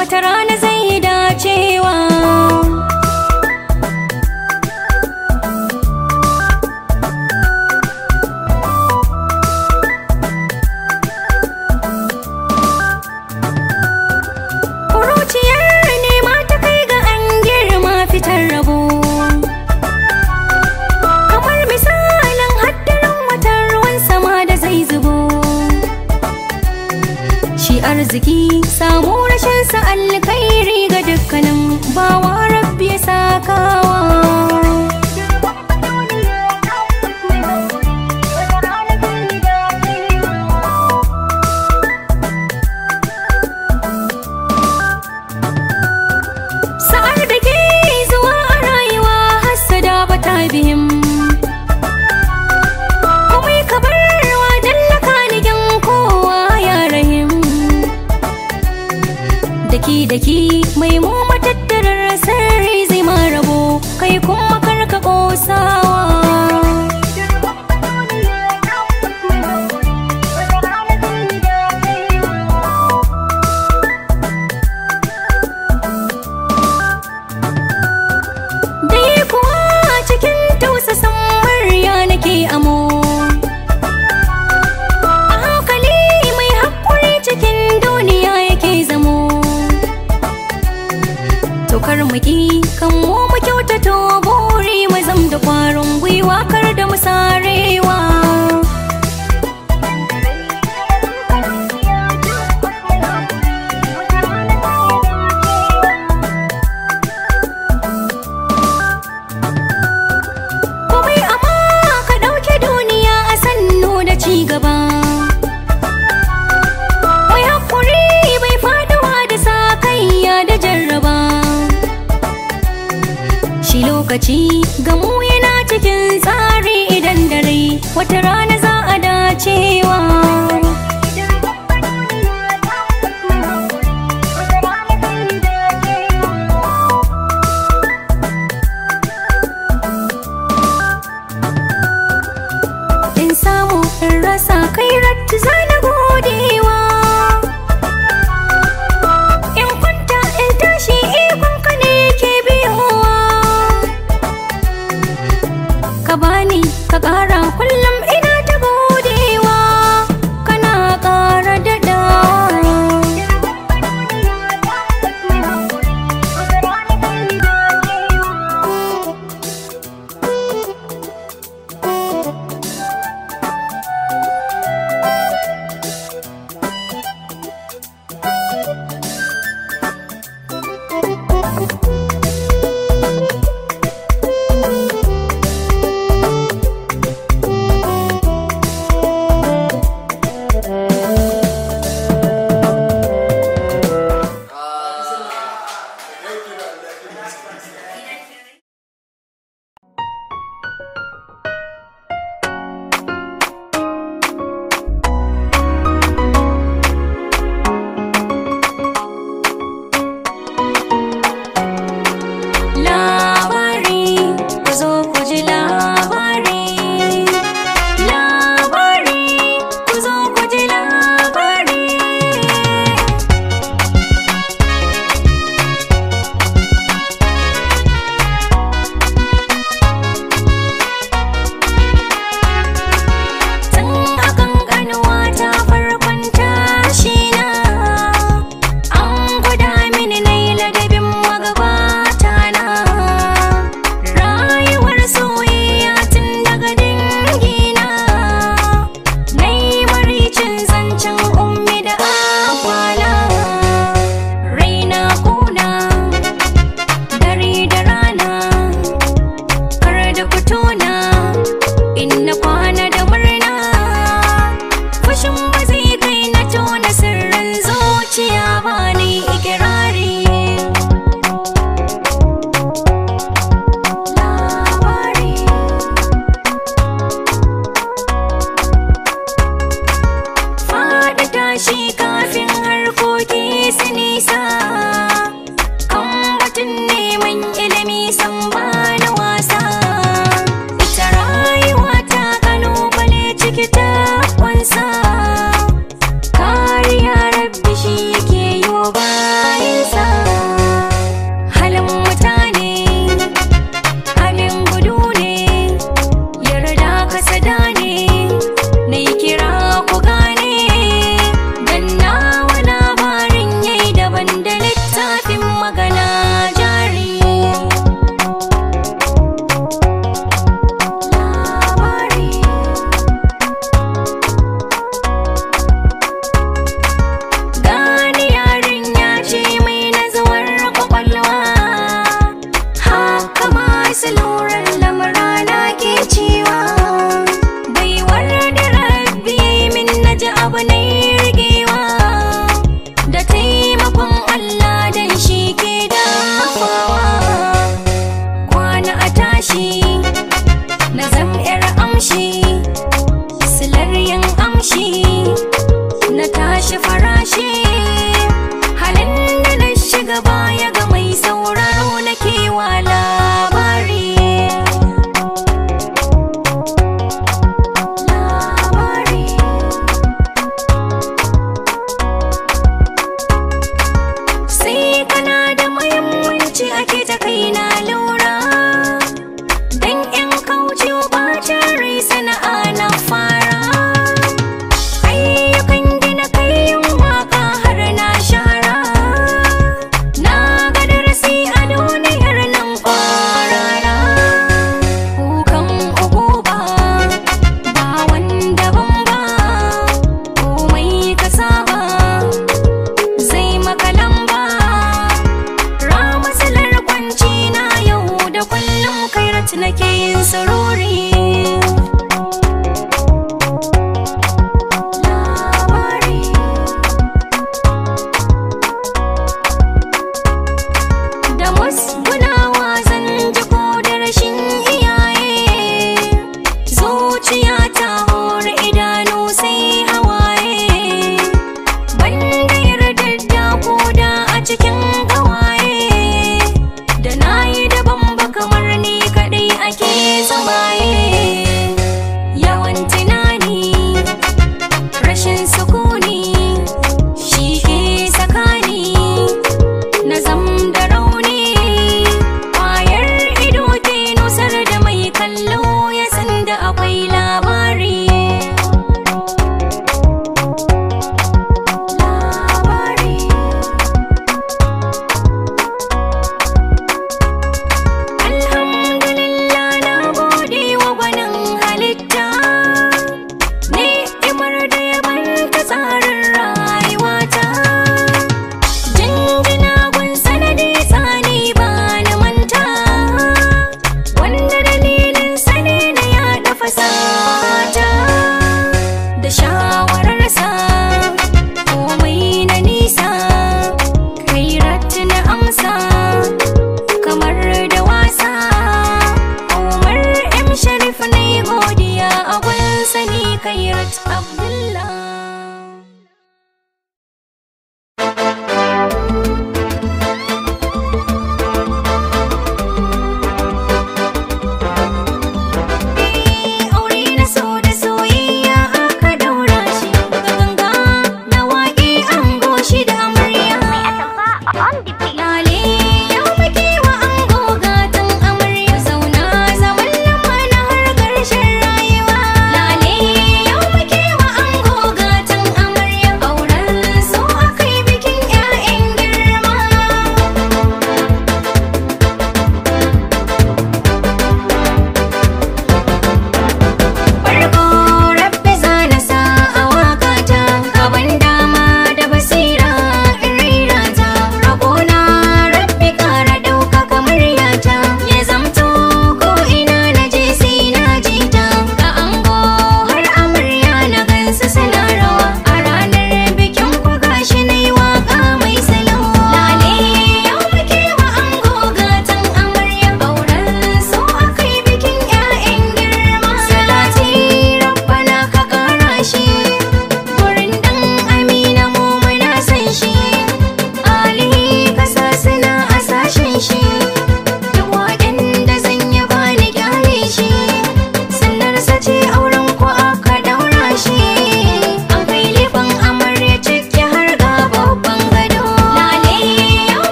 wata rana zai arziki samu rashin sa alkhairi ga dukkanin bawa rabbi ya sakawa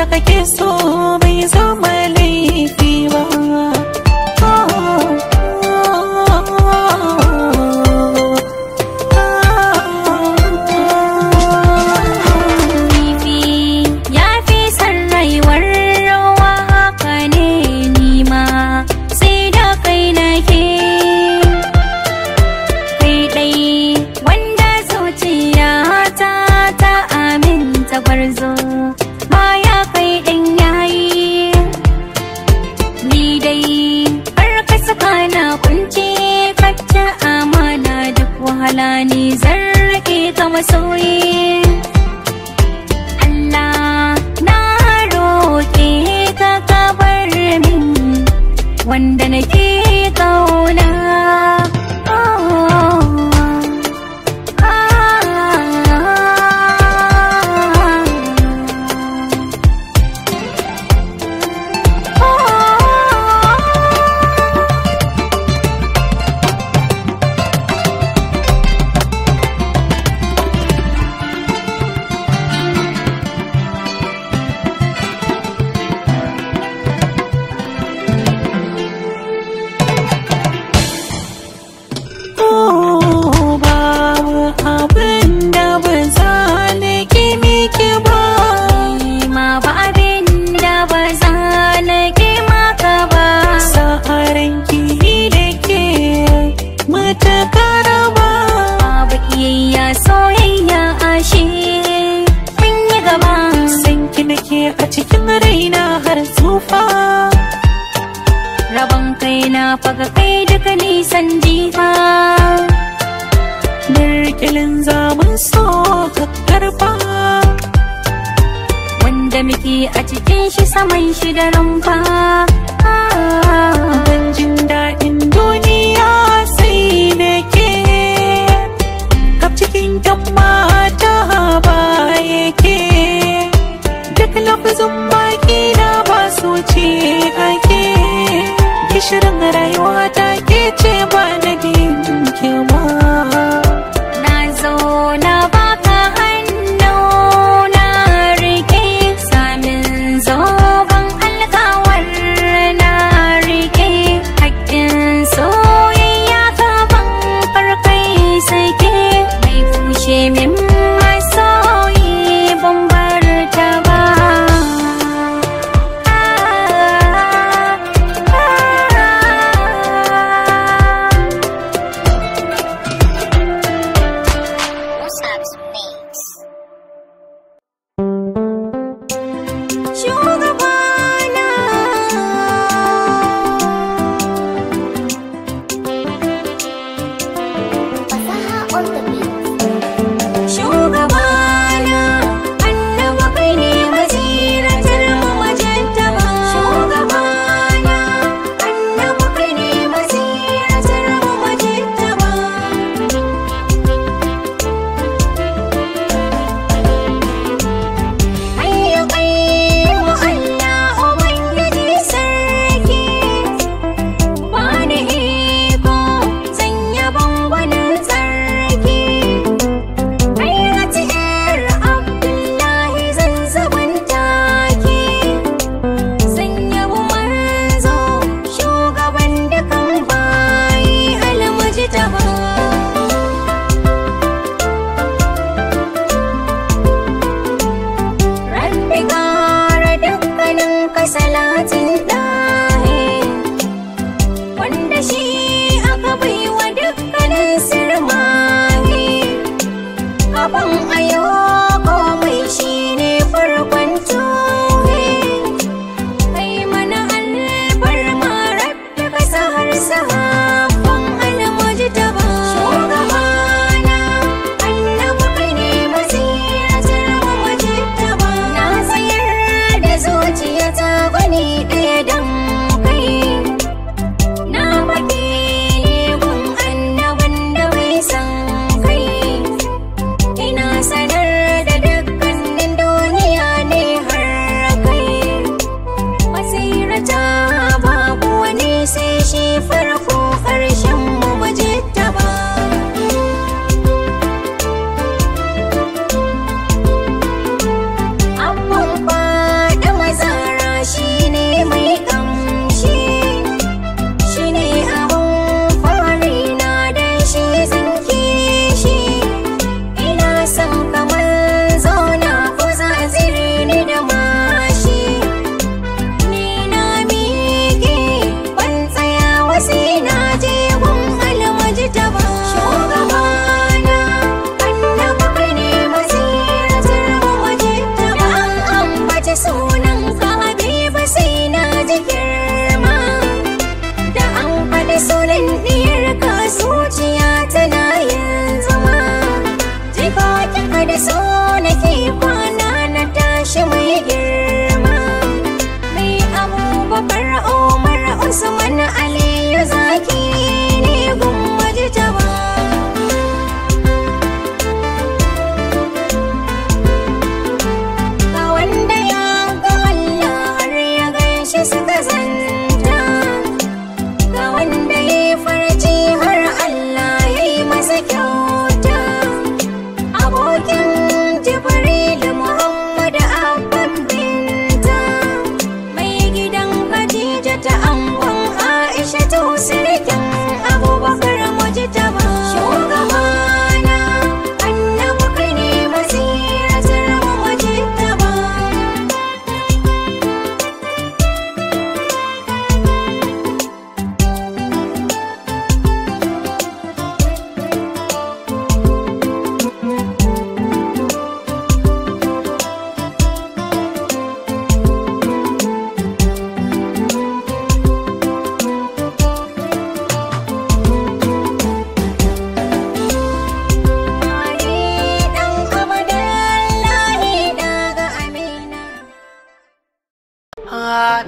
da kake so rayuwa ta ke ce ba na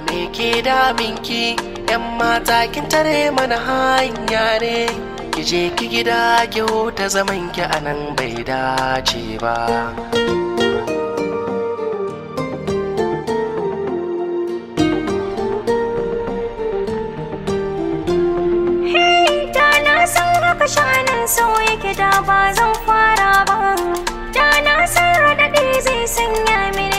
me ke daminki yan mata kin tare mana hanya ne ki je ki gida ki huta zaman ki anan bai dace ba shanin so yake da ba zan fara ba da na san radadi zai sanya mini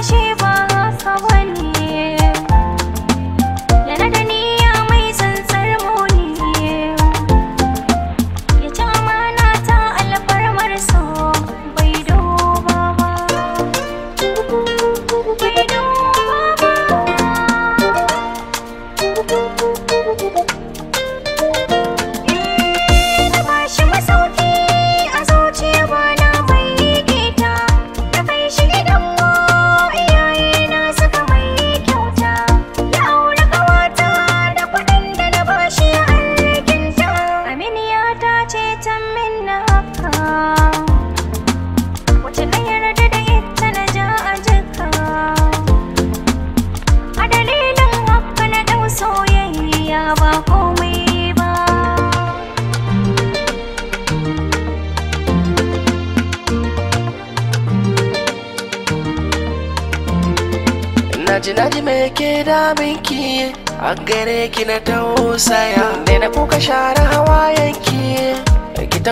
achieve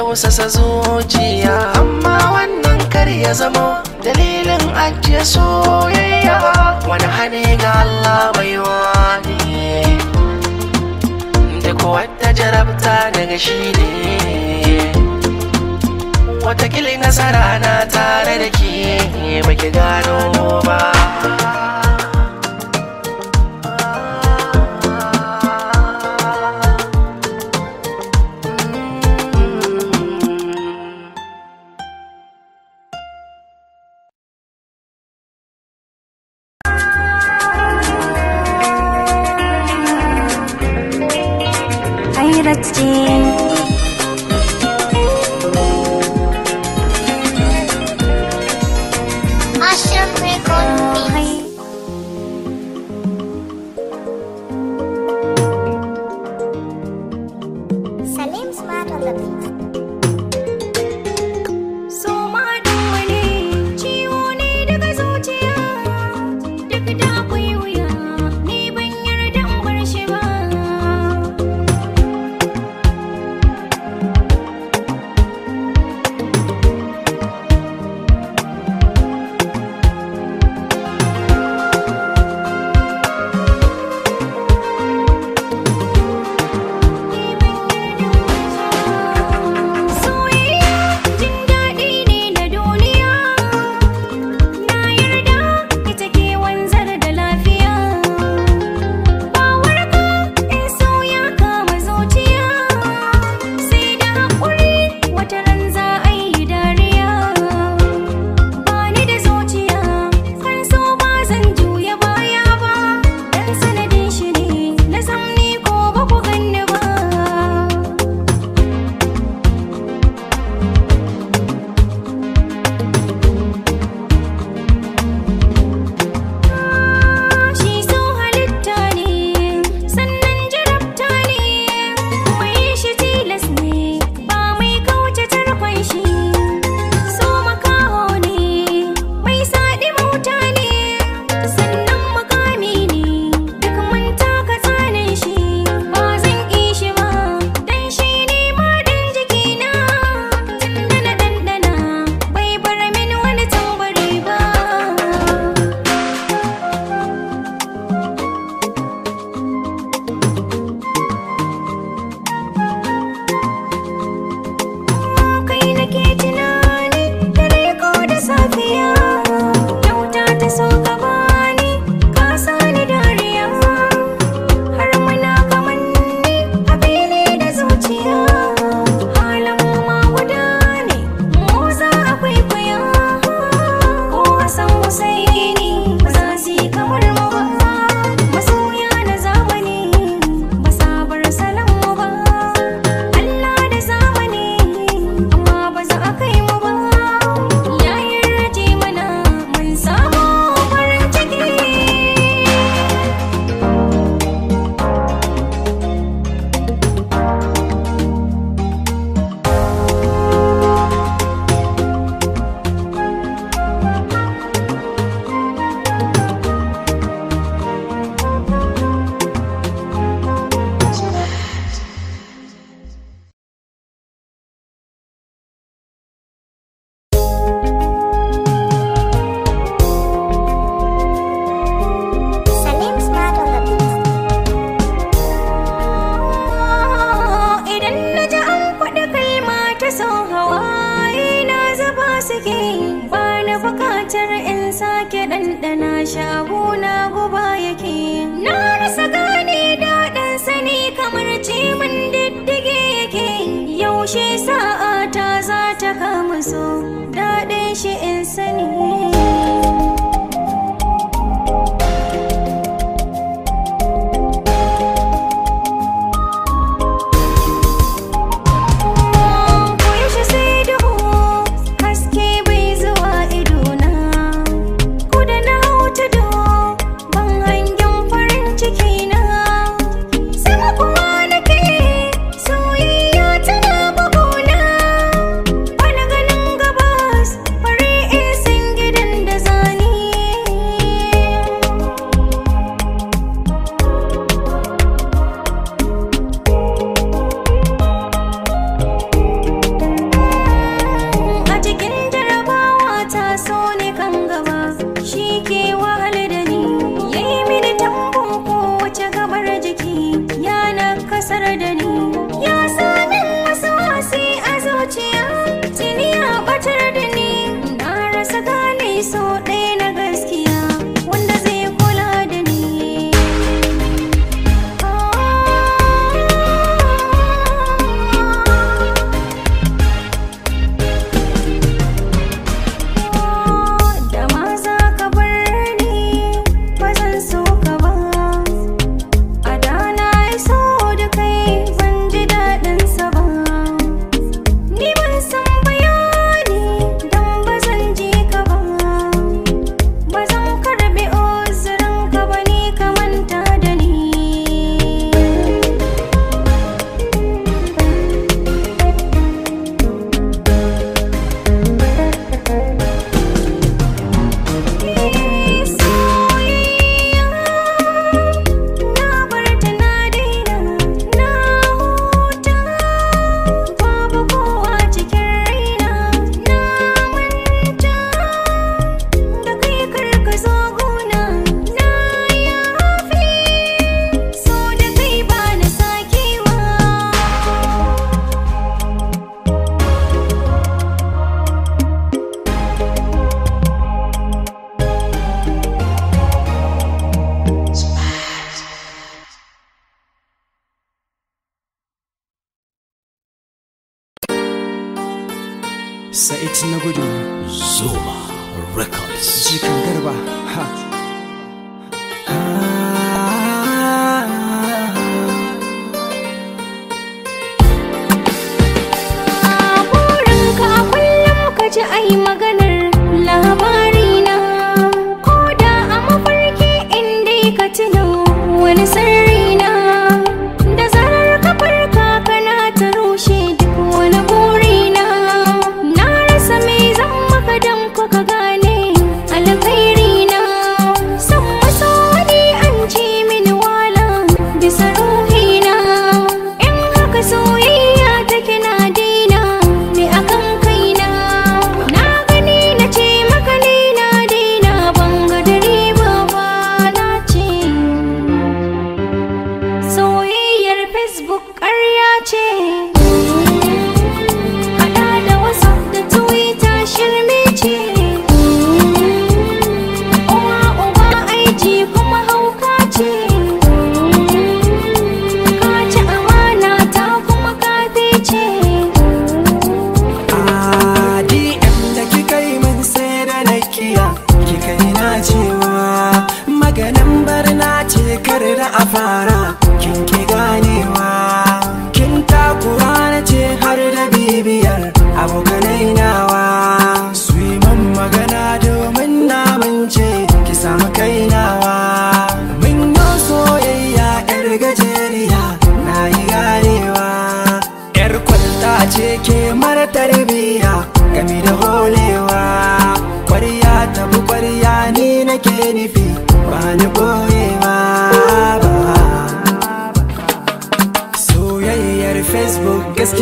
tausasa zuciya amma wannan kar ya zama dalilin ajiye soyayya wani hane ga Allah bai wani duk wata jarabta daga shi ne watakili nasara na tare da ke baki gano ba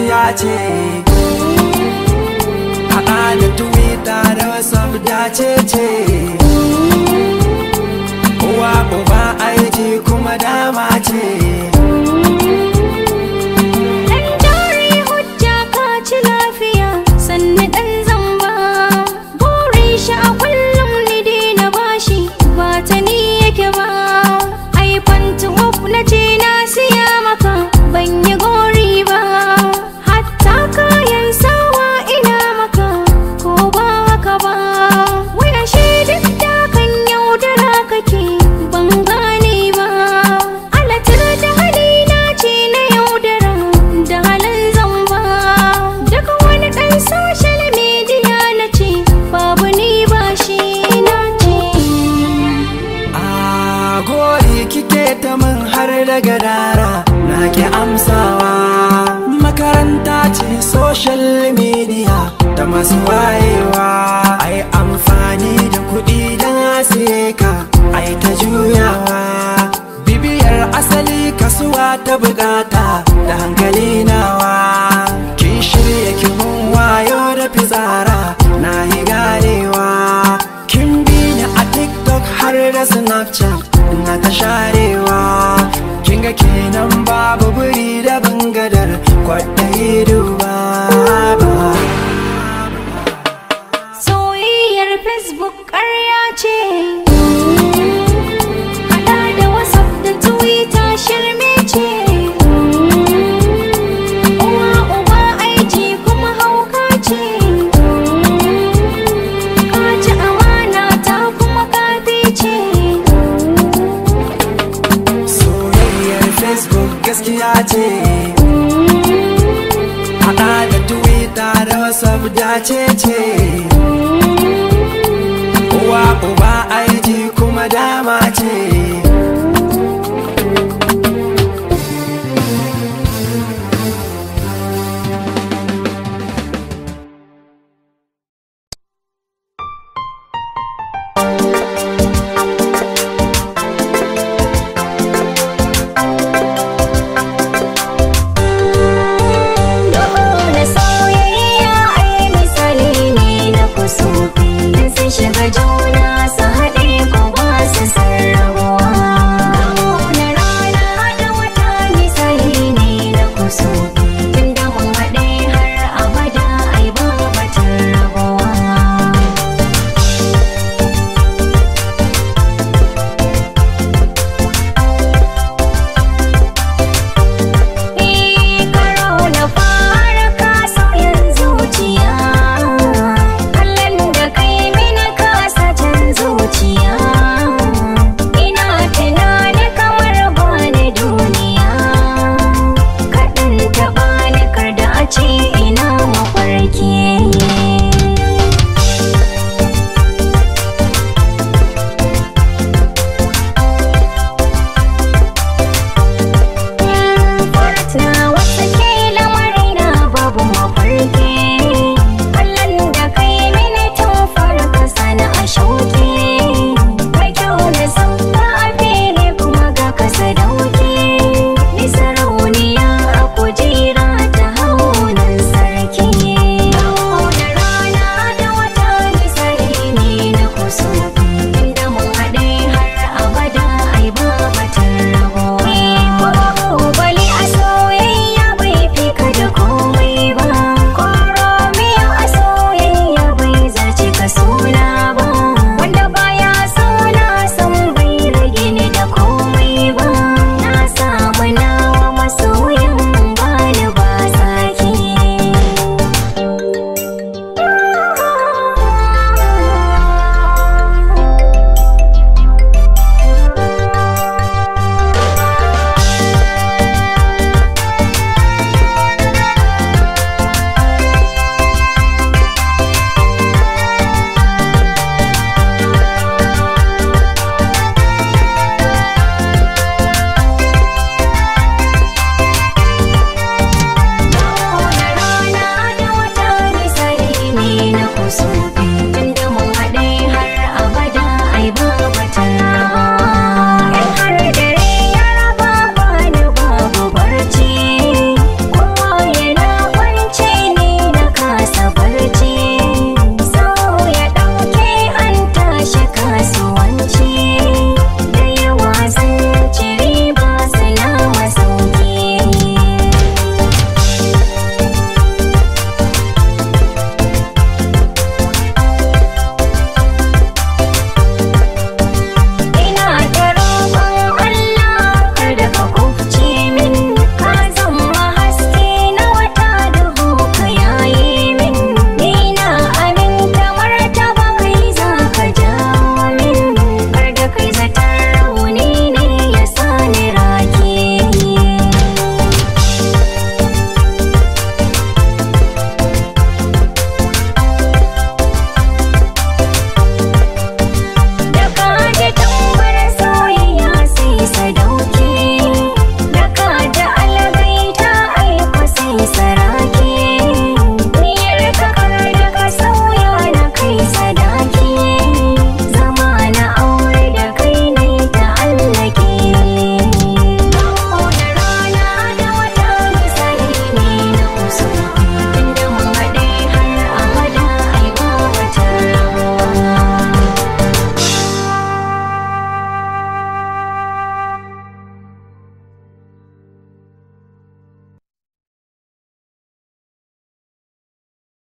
zuciya ce a da twitter da wasu dace ce uwa uba aiki kuma dama ce ta bukata da hankali nawa kin shirya ki mun wayo da fitsara na yi garewa, kin bi ni a tiktok har da snapchat na ta sharewa kin ga kenan 姐姐。